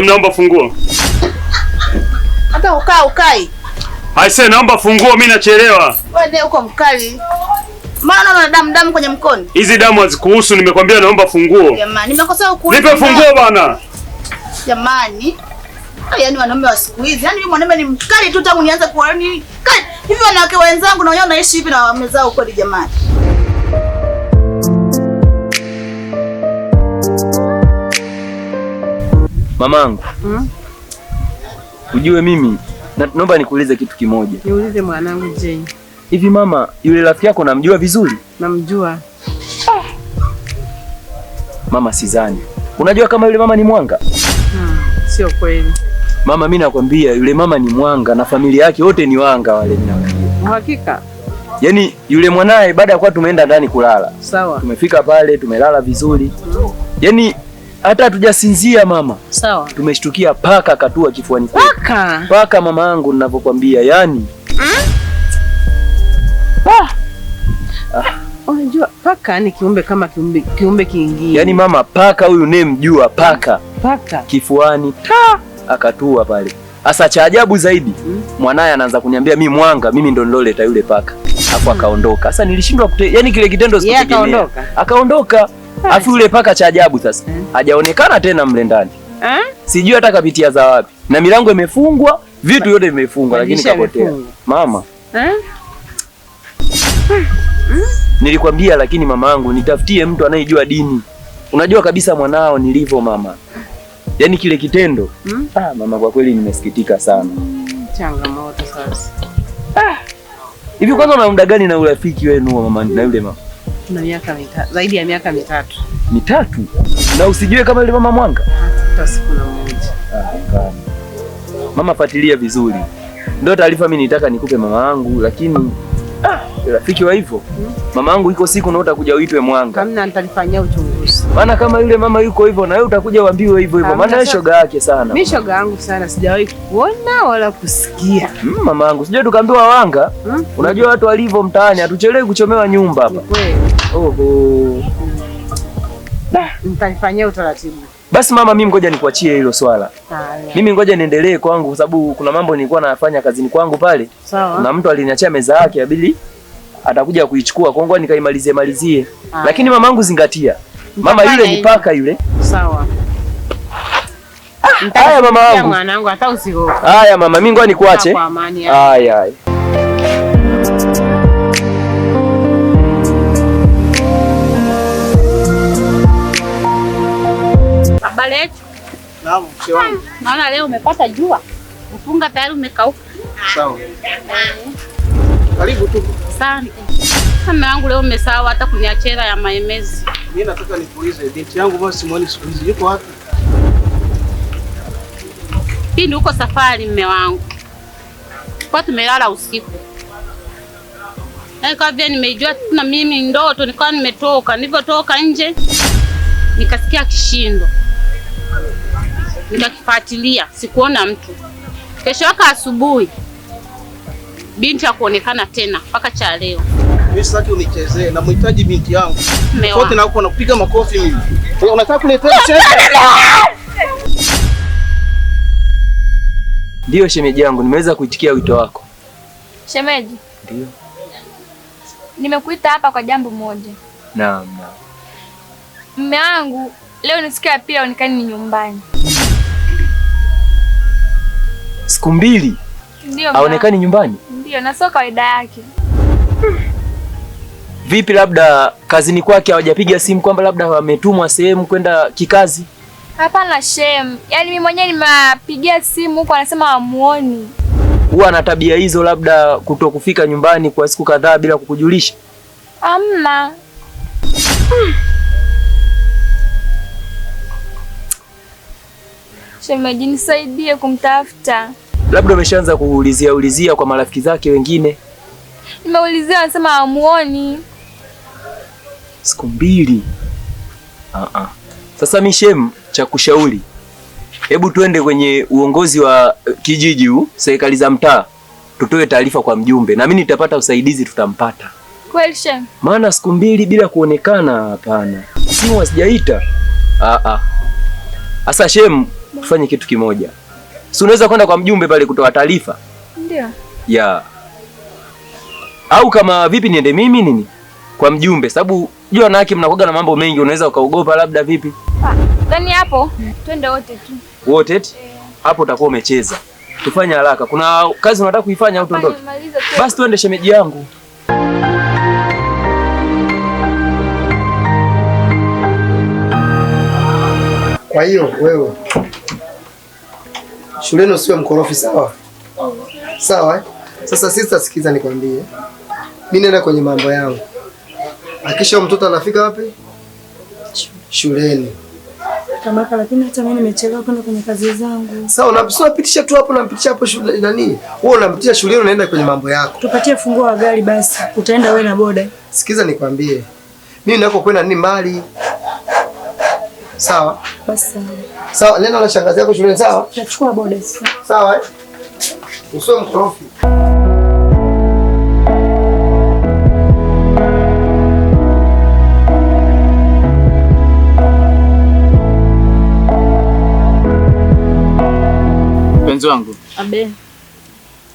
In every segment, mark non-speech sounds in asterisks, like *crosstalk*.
Em, naomba funguo. Hata ukaa ukai. Aise, naomba funguo, mimi nachelewa. Wewe ndio uko mkali. Maana una damu damu kwenye mkono. Hizi damu hazikuhusu, nimekwambia naomba funguo. Jamani, nimekosa kukuuliza. Nipe funguo bwana. Jamani. Yaani wanaume wa siku hizi, yaani mimi mwanaume ni mkali tu tangu nianze kuwa ni kali. Hivi wanawake wenzangu na wao naishi hivi na wamezao kweli jamani. Mamangu, hmm? Ujue mimi naomba nikuulize kitu kimoja. Niulize mwanangu Jane. Hivi mama, yule rafiki yako namjua vizuri? Namjua. Ah. Mama sidhani. Unajua kama yule mama ni mwanga? Hmm, sio kweli. Mama, mimi nakwambia yule mama ni mwanga na familia yake wote ni wanga wale mimi. Yaani yule mwanaye baada ya kuwa tumeenda ndani kulala. Sawa. Tumefika pale tumelala vizuri. Hmm. Yaani hata hatujasinzia mama. Sawa. Tumeshtukia paka katua kifuani kwetu. Paka. Paka mama yangu ninavyokuambia, yani. Hmm? Ah. Ah. Unajua paka ni kiumbe kama kiumbe, kiumbe kingine. Yaani mama paka huyu ni mjua paka. Paka. Kifuani. Ha. Akatua pale. Asa cha ajabu zaidi hmm. Mwanaye anaanza kuniambia mimi mwanga mimi ndo niloleta yule paka. Hapo akaondoka. Sasa nilishindwa kute... yaani kile kitendo sikutegemea. Akaondoka. Akaondoka. Afu yule paka cha ajabu sasa eh? hajaonekana tena mle ndani, eh? sijui hata kapitia za wapi, na milango imefungwa, vitu yote vimefungwa, lakini kapotea. Mama, eh? nilikwambia lakini mama yangu nitafutie mtu anayejua dini. Unajua kabisa mwanao nilivyo mama, yaani kile kitendo mm? Ah, mama kwa kweli nimesikitika sana. Hmm, changamoto sasa Ah. hivi. Kwanza una muda gani na urafiki wenu mama na yule mama? na miaka mitatu, zaidi ya miaka mitatu mitatu, na usijue kama yule mama Mwanga hata siku na mmoja. Ah, mama, fuatilia vizuri, ndio taarifa mimi nitaka nikupe mama yangu, lakini ah, rafiki wa hivyo hmm. Mama yangu iko siku na utakuja uitwe Mwanga, hamna, nitalifanyia uchunguzi, maana kama yule mama yuko hivyo na wewe utakuja uambiwe hivyo hivyo, maana shoga yake sana. Mimi shoga yangu sana, sijawahi kuona wala kusikia hmm, mama yangu sijui, tukaambiwa Wanga hmm. Unajua watu walivyo mtaani, hatuchelewi kuchomewa nyumba hapa. kweli. Mtanifanyia utaratibu. Basi mama, mimi ngoja nikuachie hilo swala. Mimi ngoja niendelee kwangu kwa sababu kuna mambo nilikuwa nafanya kazini kwangu pale. Sawa. Na mtu aliniachia meza yake abili atakuja kuichukua kwa ngoja nikaimalizie malizie. Aya. Lakini mamangu zingatia. Mama yule ni paka yule. Sawa. Ah, haya mama wangu. Mwanangu hata usihofu. Haya mama, mimi ngoja nikuache. Haya haya. Naam, mke wangu. Naona leo umepata jua. Mpunga tayari umekauka. Sawa. Karibu tu. Asante. Mume wangu leo umesahau hata kuniachera ya maemezi. Mimi nataka nikuulize binti yangu basi simuoni siku hizi yuko wapi? Pindi uko safari mume wangu. Kwa tumelala usiku. Nikawa yaani vile nimejua na mimi ndoto, nikawa nimetoka, nilivyotoka nje nikasikia kishindo nitakifuatilia, sikuona mtu. Kesho yake asubuhi binti hakuonekana tena mpaka cha leo. Mimi sitaki unichezee, namhitaji binti yangu. Wote na huko nakupiga makofi mimi. Unataka kuletea cheza? *laughs* Ndio shemeji yangu, nimeweza kuitikia wito wako. Shemeji? Ndio. Nimekuita hapa kwa jambo moja. Naam, naam. Mme wangu leo nisikia pia onekani ni nyumbani siku mbili haonekani nyumbani. Ndio, na sio kawaida yake. Vipi, labda kazini kwake hawajapiga simu kwamba labda wametumwa sehemu kwenda kikazi? Hapana shem, yaani mimi mwenyewe nimapigia simu huko, anasema hamuoni. Huwa ana tabia hizo, labda kuto kufika nyumbani kwa siku kadhaa bila kukujulisha? Hamna. Hmm. shemeji, nisaidie kumtafuta. Labda umeshaanza kuulizia ulizia kwa marafiki zake wengine. Nimeulizia anasema hawamuoni. Siku mbili. Ah ah. Sasa Mishem, cha kushauri, hebu tuende kwenye uongozi wa eh, kijiji huu, serikali za mtaa, tutoe taarifa kwa mjumbe, na mimi nitapata usaidizi, tutampata kweli Shem. Maana siku mbili bila kuonekana, hapana, simu wasijaita. Ah ah. Sasa Shem tufanye kitu kimoja, si unaweza kwenda kwa mjumbe pale kutoa taarifa? Ndio. Yeah. Au kama vipi, niende mimi nini kwa mjumbe, sababu jua wanawake mnakoga na mambo mengi, unaweza ukaogopa labda vipi. Ah, Ndani hapo twende wote tu. Wote tu. Eh. Hapo utakuwa umecheza. Tufanye haraka. Kuna kazi unataka kuifanya au tuondoke? Basi twende shemeji yangu. Kwa hiyo wewe shuleni usiwe mkorofi, sawa sawa eh? Sasa sister, sikiza nikwambie, mimi naenda kwenye mambo yangu. Akisha mtoto anafika wapi? Shuleni. Kamaka, lakini hata mimi nimechelewa kwenda kwenye kazi zangu. Sawa, unapitisha tu hapo, unampitisha hapo shule nani? Wewe unampitisha shuleni, unaenda kwenye mambo yako. Tupatie funguo wa gari basi, utaenda wewe na boda. Sikiza nikwambie, mimi nako kwenda ni mbali Sawa. Basi. Sawa, neno la shangazi yako shuleni sawa? Nachukua boda. Sawa Usiwe mkorofi. Mpenzi wangu. Abe.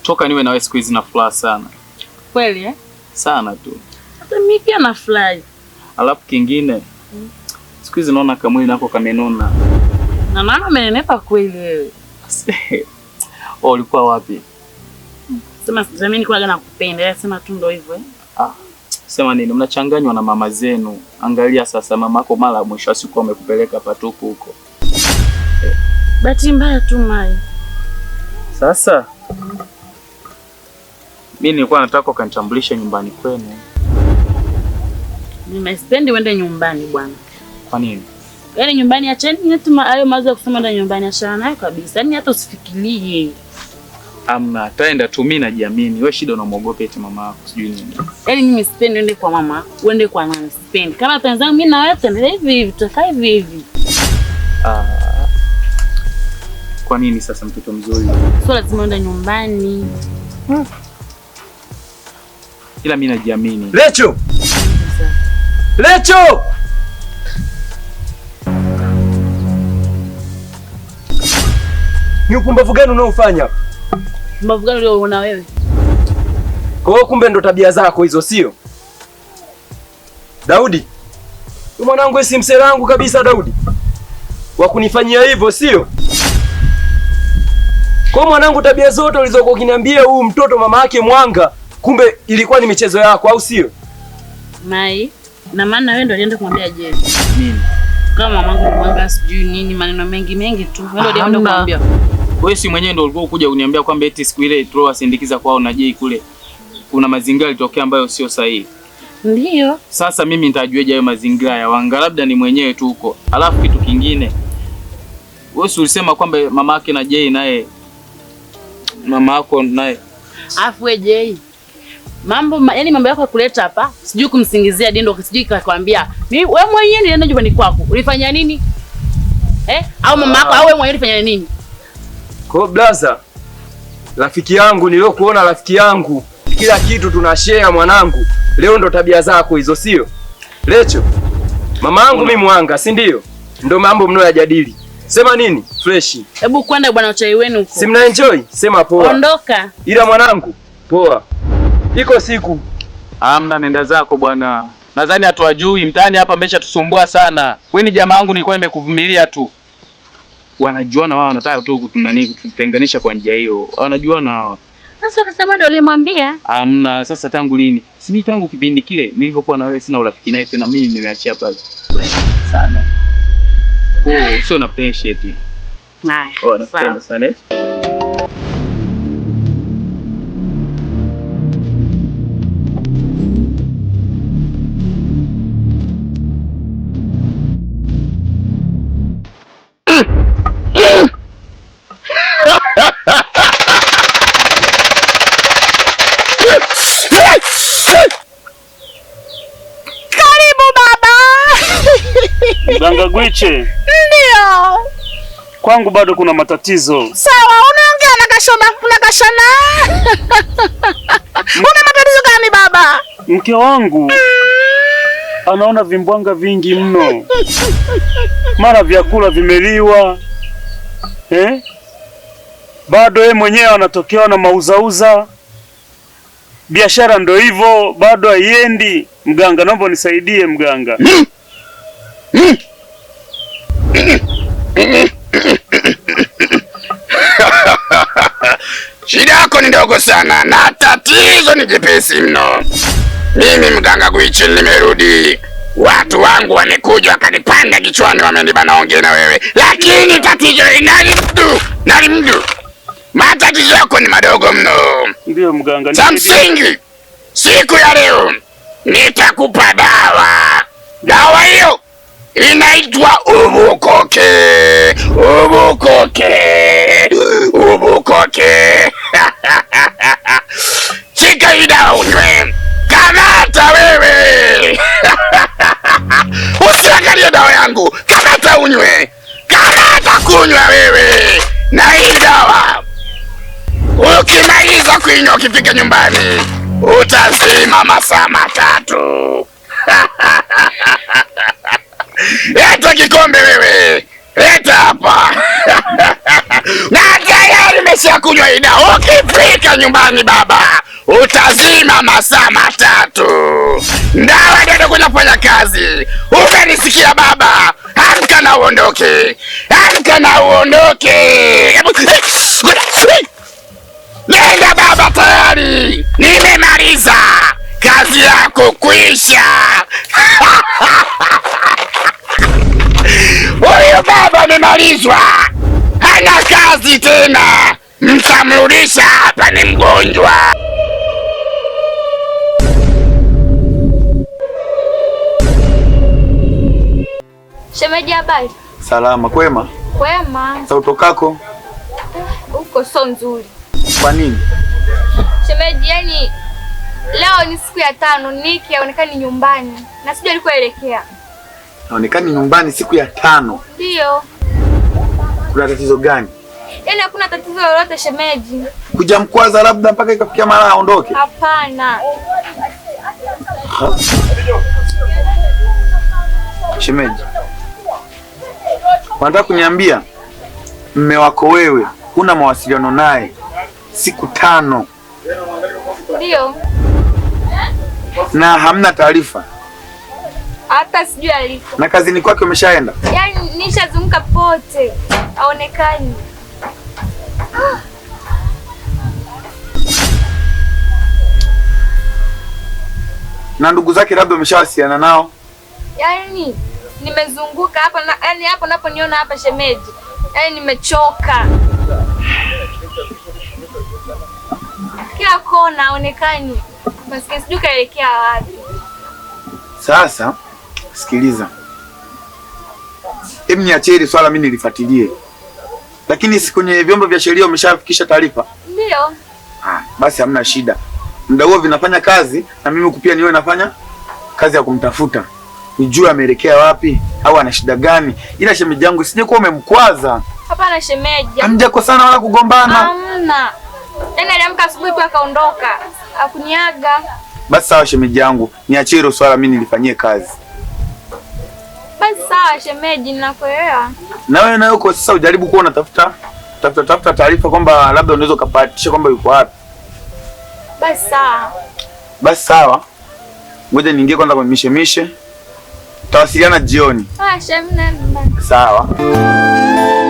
Toka niwe na wewe siku hizi na furaha sana. Kweli eh? Sana tu. Hata mimi pia nafurahi. Alafu kingine. Hmm. Siku hizi naona kamwili nako kamenona. Na maana umenenepa kweli wewe. *laughs* Oh, ulikuwa wapi? Sema ni kuaga na kupenda, sema tu ndo hivyo eh. Ah. Sema nini? Mnachanganywa na mama zenu. Angalia sasa mamako mara mwisho siku amekupeleka patupu huko. Eh. Bahati mbaya tu Mai. Sasa mm. Mimi nilikuwa nataka ukanitambulishe nyumbani kwenu. Mimi sipendi uende nyumbani bwana. Kwa nini? Yaani nyumbani acheni yaani yetu hayo mazo ya kusema ndo nyumbani achana nayo kabisa. Yaani hata usifikirie. Amna, taenda tu mimi najiamini. Wewe shida unamwogopa eti mama yako sijui nini. Yaani mimi sipendi uende kwa mama, uende kwa nani? Sipendi. Kama penzangu mimi na wewe tuendelee hivi hivi, tutakaa hivi hivi. Ah. Kwa nini sasa mtoto mzuri? Sio lazima uende nyumbani. Hmm. Ila mimi najiamini. Lecho! Lecho! Ni upumbavu gani unaofanya? Upumbavu gani uliona wewe? Kwa hiyo kumbe ndo tabia zako hizo, sio? Daudi, mwanangu si msela wangu kabisa Daudi. Wa kunifanyia hivyo, sio? Kwa mwanangu, tabia zote ulizokuwa ukiniambia huu mtoto mama yake Mwanga, kumbe ilikuwa ni michezo yako, au sio? Mai, na maana wewe ndio ulienda kumwambia je, Mimi kama mamangu Mwanga sijui nini, maneno mengi mengi tu. Wewe ndio ulienda kumwambia. Wewe si mwenyewe ndio ulikuwa ukuja kuniambia kwamba eti siku ile Troa sindikiza kwao na Jay kule kuna mazingira yalitokea ambayo sio sahihi. Ndio. Sasa mimi nitajueje hayo mazingira ya wanga? Labda ni mwenyewe tu huko. Alafu kitu kingine, wewe si ulisema kwamba mama yake na Jay naye mama yako naye afu Jay mambo ma, yani mambo yako ya kuleta hapa, sijui kumsingizia Dindo, sijui kakwambia mimi, wewe mwenyewe nilienda nyumbani kwako ulifanya nini eh? Au mama yako au wewe mwenyewe ulifanya nini? Kwa hiyo blaza, rafiki yangu niliokuona, rafiki yangu, kila kitu tuna share mwanangu. Leo ndo tabia zako hizo, sio Lecho? Mama yangu mimi mwanga, si ndio? Ndo mambo yajadili Sema nini? Fresh. Hebu kwenda bwana, uchai wenu huko. Si mna enjoy? Sema poa. Ondoka. Ila mwanangu, poa. Iko siku. Amna, nenda zako bwana. Nadhani hatuwajui mtaani hapa, tusumbua sana. Wewe ni jamaa wangu, nilikuwa nimekuvumilia tu wanajuana wao, wanataka tu kutunani kutenganisha kwa njia hiyo, wanajuana wao. Sasa sasa bado ulimwambia? Hamna. Sasa tangu lini? Si mimi tangu kipindi kile nilivyokuwa na wewe sina urafiki naye tena, mimi nimeachia pale. Sana. Oh, sio na pressure eti. Haya. Oh, sana sana. Gwiche. Ndio. Kwangu bado kuna matatizo. Sawa, unaongea na Kashona, na Kashona. *laughs* Una matatizo gani baba? Mke wangu mm, anaona vimbwanga vingi mno. Mara vyakula vimeliwa. Eh? Bado yeye mwenyewe anatokewa na mauzauza. Biashara ndo hivyo, bado haiendi. Mganga, naomba unisaidie mganga. Mm. Mm. ni ndogo sana na tatizo ni jepesi mno. Mimi mganga Gwichi nimerudi, watu wangu wamekuja wakanipanda kichwani, wamenibana ongea na wewe, lakini tatizo nani nalimdu, matatizo yako ni madogo mno. Ndio mganga, cha msingi siku ya leo nitakupa dawa. Dawa hiyo inaitwa Ubukoke, Ubukoke, Ubukoke. *laughs* Chika video unywe, kamata wewe *laughs* usiangalie dawa yangu, kamata unywe, kamata kunywa wewe na hii dawa. Ukimaliza kuinywa, ukifika nyumbani utazima masaa matatu *laughs* leta kikombe wewe, leta hapa *laughs* na tayari meshakunywa ida. Ukifika nyumbani baba, utazima masaa matatu, ndawa ndio kwenda kazi. Umenisikia baba? Amka na uondoke, amka na uondoke, nenda baba, tayari nimemaliza kazi yako kuisha *laughs* amemalizwa, hana kazi tena, mtamrudisha hapa, ni mgonjwa. Shemeji, habari? Salama. Kwema? Kwema. Sautokako huko so nzuri. Kwa nini shemeji? Yani leo ni siku ya tano, Niki haonekani nyumbani na sijui elekea. Haonekani nyumbani siku ya tano? Ndio. Kuna tatizo gani? Yaani hakuna tatizo lolote shemeji. Kuja mkwaza labda mpaka ikafikia mara aondoke? Hapana. Shemeji, wanataka kuniambia mme wako wewe huna mawasiliano naye siku tano? Ndio. Na hamna taarifa hata sijui alipo. Na kazini kwake umeshaenda? Yaani nishazunguka pote, aonekani. Ah. Na ndugu zake labda umeshawasiliana nao? Yaani nimezunguka hapa na yaani hapo naponiona hapa shemeji. Yaani nimechoka. Kila kona aonekani. Basi sijui kaelekea wapi. Sasa Sikiliza, hebu niachie swala mimi nilifuatilie, lakini si kwenye vyombo vya sheria umeshafikisha taarifa? Ndio. Ah, basi hamna shida, muda huo vinafanya kazi na mimi kupia niwe nafanya kazi ya kumtafuta nijue ameelekea wapi au ana shida gani, ila shemeji yangu sije kuwa umemkwaza. Hapana shemeji, hamjakosana wala kugombana. Hamna. Tena yaani aliamka asubuhi tu akaondoka, akuniaga. Basi sawa shemeji yangu, niachie hilo swala mimi nilifanyie kazi kazi sawa, shemeji, ninakuelewa. Na wewe nayo uko sasa, ujaribu kuwa unatafuta tafuta tafuta taarifa kwamba labda unaweza ukapatisha kwamba yuko wapi. Basi sawa, basi sawa, ngoja niingie kwanza kwenye mishemishe, tawasiliana jioni. Ah, shemeji. Sawa.